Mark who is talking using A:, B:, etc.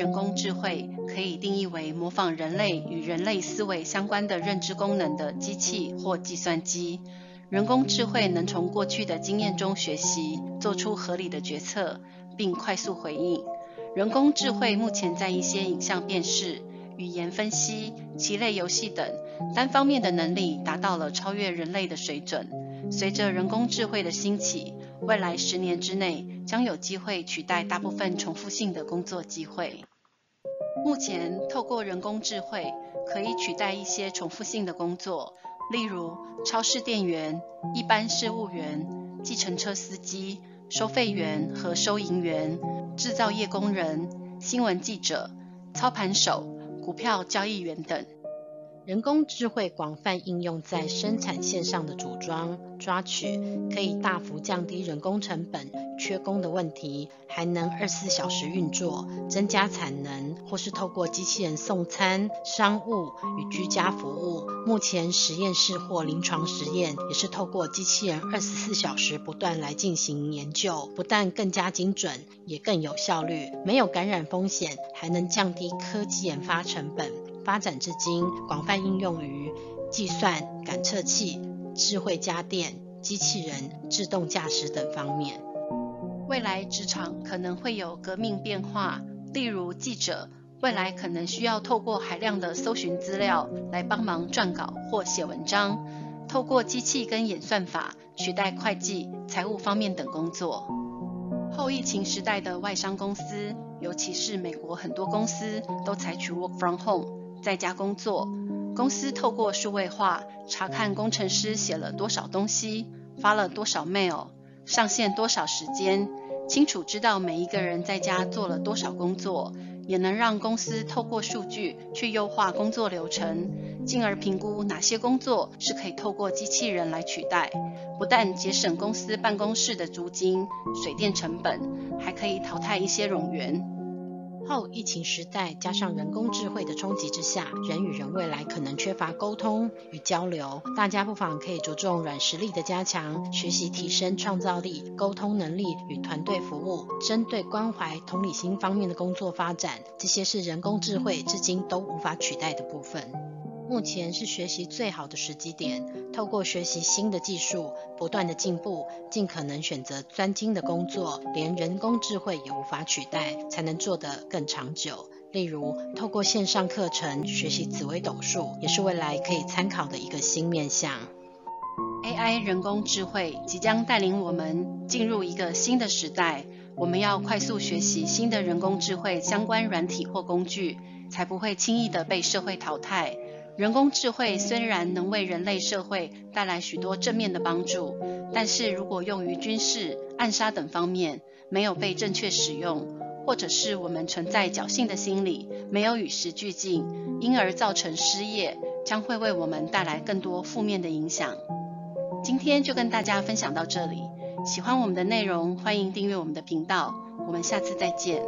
A: 人工智慧可以定義為模仿人類與人類思維相關的認知功能的機器或計算機。人工智慧能從過去的經驗中學習，做出合理的決策，並快速回應。人工智慧目前在一些影像辨識、語言分析、棋類遊戲等單方面的能力達到了超越人類的水準。隨着人工智慧的興起，未來十年之內將有機會取代大部分重複性的工作機會。目前，透過人工智慧可以取代一些重複性的工作，例如超市店員、一般事務員、計程車司機、收費員和收銀員、製造業工人、新聞記者、操盤手、股票交易員等。人工智慧廣泛
B: 應用在生產線上的組裝、抓取，可以大幅降低人工成本、缺工的問題，還能二十四小時運作，增加產能，或是透過機器人送餐、商務與居家服務。目前實驗室或臨床實驗也是透過機器人二十四小時不斷來進行研究，不但更加精準，也更有效率，沒有感染風險，還能降低科技研發成本。發展至今，廣泛應用於計算、感測器、智慧家電、機器人、自動駕駛等方面。
A: 未來職場可能會有革命變化，例如記者，未來可能需要透過海量的搜尋資料來幫忙撰稿或寫文章，透過機器跟演算法取代會計、財務方面等工作。後疫情時代的外商公司，尤其是美國很多公司，都採取 work from home。在家工作，公司透過數位化查看工程師寫了多少東西，發了多少 mail，上線多少時間，清楚知道每一個人在家做了多少工作，也能讓公司透過數據去優化工作流程，進而評估哪些工作是可以透過機器人來取代，不但節省公司辦公室的租金、水電成本，還可以淘汰一些冗員。後疫情時
B: 代加上人工智慧的衝擊之下，人與人未來可能缺乏溝通與交流，大家不妨可以着重軟實力的加強，學習提升創造力、溝通能力與團隊服務，針對關懷同理心方面的工作發展，這些是人工智慧至今都無法取代的部分。目前是學習最好的時機點。透過學習新的技術，不斷的進步，盡可能選擇專精的工作，連人工智慧也無法取代，才能做得更長久。例如，透過線上課程學習紫微斗數，也是未來可以參考的一個
A: 新面向。AI 人工智慧即將帶領我們進入一個新的時代，我們要快速學習新的人工智慧相關軟體或工具，才不會輕易的被社會淘汰。人工智慧雖然能為人類社會帶來許多正面的幫助，但是如果用於軍事、暗殺等方面，沒有被正確使用，或者是我們存在僥幸的心理，沒有與時俱進，因而造成失業，將會為我們帶來更多負面的影響。今天就跟大家分享到這裡，喜歡我們的內容，歡迎訂閱我們的頻道，我們下次再見。